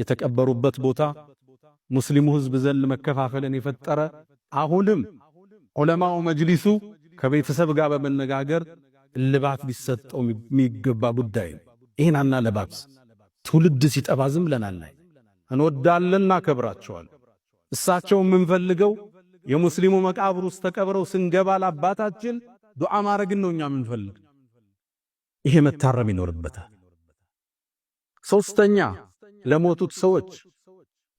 የተቀበሩበት ቦታ ሙስሊሙ ህዝብ ዘንድ መከፋፈልን የፈጠረ አሁንም ዑለማው መጅሊሱ ከቤተሰብ ጋር በመነጋገር እልባት ሊሰጠው የሚገባ ጉዳይ ነው። ይህን ትውልድ ሲጠባ ዝም ብለን እንወዳለን፣ እናከብራቸዋለን። እሳቸው የምንፈልገው የሙስሊሙ መቃብር ውስጥ ተቀብረው ስንገባ ለአባታችን ዱዓ ማረግን ነው እኛ የምንፈልግ። ይሄ መታረም ይኖርበታል። ሶስተኛ ለሞቱት ሰዎች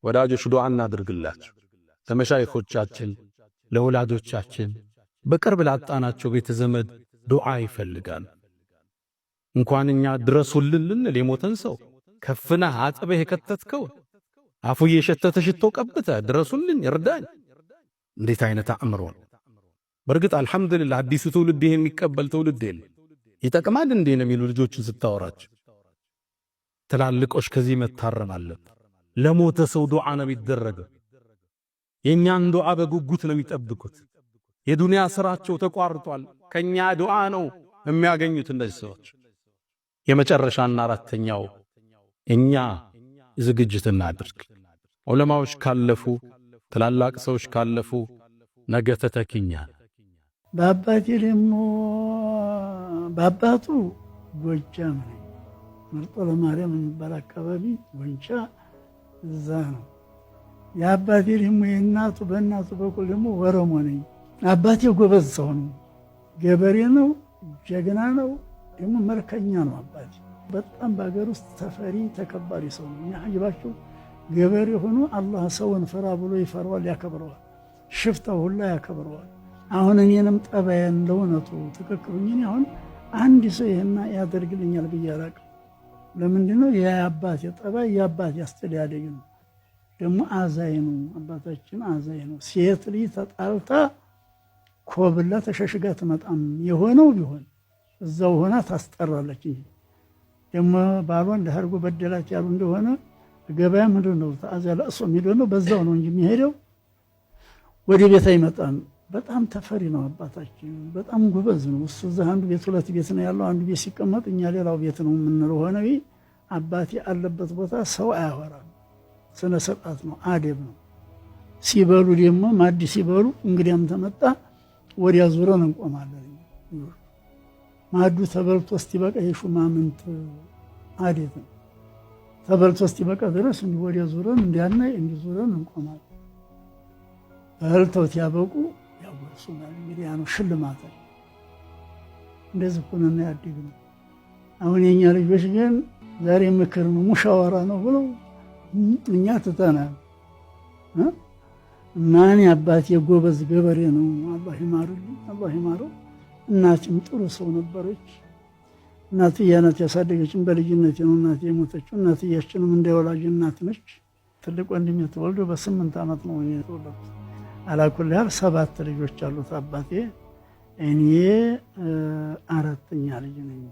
ወዳጆች ዱዓ እናድርግላቸው። ለመሻይኾቻችን፣ ለወላጆቻችን፣ በቅርብ ላጣናቸው ቤተ ዘመድ ዱዓ ይፈልጋል። እንኳን እኛ ድረሱልን ልንል የሞተን ሰው ከፍና አጥበህ የከተትከው አፉ እየሸተተ ሽቶ ቀብተ ድረሱልን ይርዳኝ፣ እንዴት አይነት አእምሮ! በእርግጥ አልሐምዱሊላህ አዲሱ ትውልድ ይሄን የሚቀበል ትውልድ የለ። ይጠቅማል እንዴ ነው የሚሉ ልጆችን ስታወራቸው ትላልቆች ከዚህ መታረም አለብን። ለሞተ ሰው ዱዓ ነው የሚደረገው። የእኛን ዱዓ በጉጉት ነው የሚጠብቁት። የዱንያ ስራቸው ተቋርጧል። ከኛ ዱዓ ነው የሚያገኙት እነዚህ ሰዎች። የመጨረሻና አራተኛው እኛ ዝግጅት እናድርግ። ዑለማዎች ካለፉ፣ ትላላቅ ሰዎች ካለፉ ነገ ተተኪኛ በአባቴ ደግሞ በአባቱ ጎጃም መርጦ ለማርያም የሚባል አካባቢ ወንጫ እዛ ነው። የአባቴ ደግሞ የእናቱ በእናቱ በኩል ደግሞ ወረሞ ነኝ። አባቴ ጎበዝ ሰው ነው፣ ገበሬ ነው፣ ጀግና ነው፣ ደግሞ መርከኛ ነው። አባቴ በጣም በሀገር ውስጥ ተፈሪ ተከባሪ ሰው ነው። አጅባቸው ገበሬ ሆኖ አላህ ሰውን ፍራ ብሎ ይፈራዋል፣ ያከብረዋል። ሽፍታው ሁላ ያከብረዋል። አሁን እኔንም ጠባያን ለእውነቱ ትክክሉኝን አሁን አንድ ሰው ይህና ያደርግልኛል ብዬ አላቅም። ለምንድነው? የአባቴ ጠባይ የአባቴ አስተዳደግ ነው። ደግሞ አዛይ ነው። አባታችን አዛይ ነው። ሴት ልጅ ተጣልታ ኮብላ ተሸሽጋ ትመጣም የሆነው ቢሆን እዛው ሆና ታስጠራለች እንጂ ደግሞ ባሏን ለህርጎ በደላት ያሉ እንደሆነ ገበያ ምንድን ነው ተአዛ ለእሶ የሚል ነው። በዛው ነው እንጂ የሚሄደው ወደ ቤት አይመጣም። በጣም ተፈሪ ነው አባታችን። በጣም ጉበዝ ነው እሱ። እዛ አንዱ ቤት ሁለት ቤት ነው ያለው። አንዱ ቤት ሲቀመጥ እኛ ሌላው ቤት ነው የምንለው። ሆነ አባቴ አለበት ቦታ ሰው አያወራም። ስነ ስርዓት ነው፣ አደብ ነው። ሲበሉ ደግሞ ማዲ ሲበሉ እንግዲያም ተመጣ ወዲያ ዙረን እንቆማለን። ማዱ ተበልቶ እስኪበቃ የሹማምንት አደብ ነው። ተበልቶ እስኪበቃ ድረስ እንዲህ ወዲያ ዙረን እንዲያና እንዲዙረን እንቆማለን። እህልተውት ያበቁ እሱ እንግዲህ ያኑ ሽልማት እንደዚህ ሆነና ያድግ ነው። አሁን የኛ ልጆች ግን ዛሬ ምክር ነው ሙሻወራ ነው ብሎ እኛ ትተናል። ማን አባት የጎበዝ ገበሬ ነው አላህ ይማረው አላህ ይማረው። እናትም ጥሩ ሰው ነበረች። እናትዬ ናት ያሳደገችን። በልጅነት ነው እናቴ የሞተችው። እናትያችንም እንደ ወላጅ እናት ነች። ትልቅ ወንድሜ ተወልዶ በስምንት ዓመት ነው የተወለድኩት። አላኩልህል ሰባት ልጆች አሉት አባቴ። እኔ አራተኛ ልጅ ነኝ።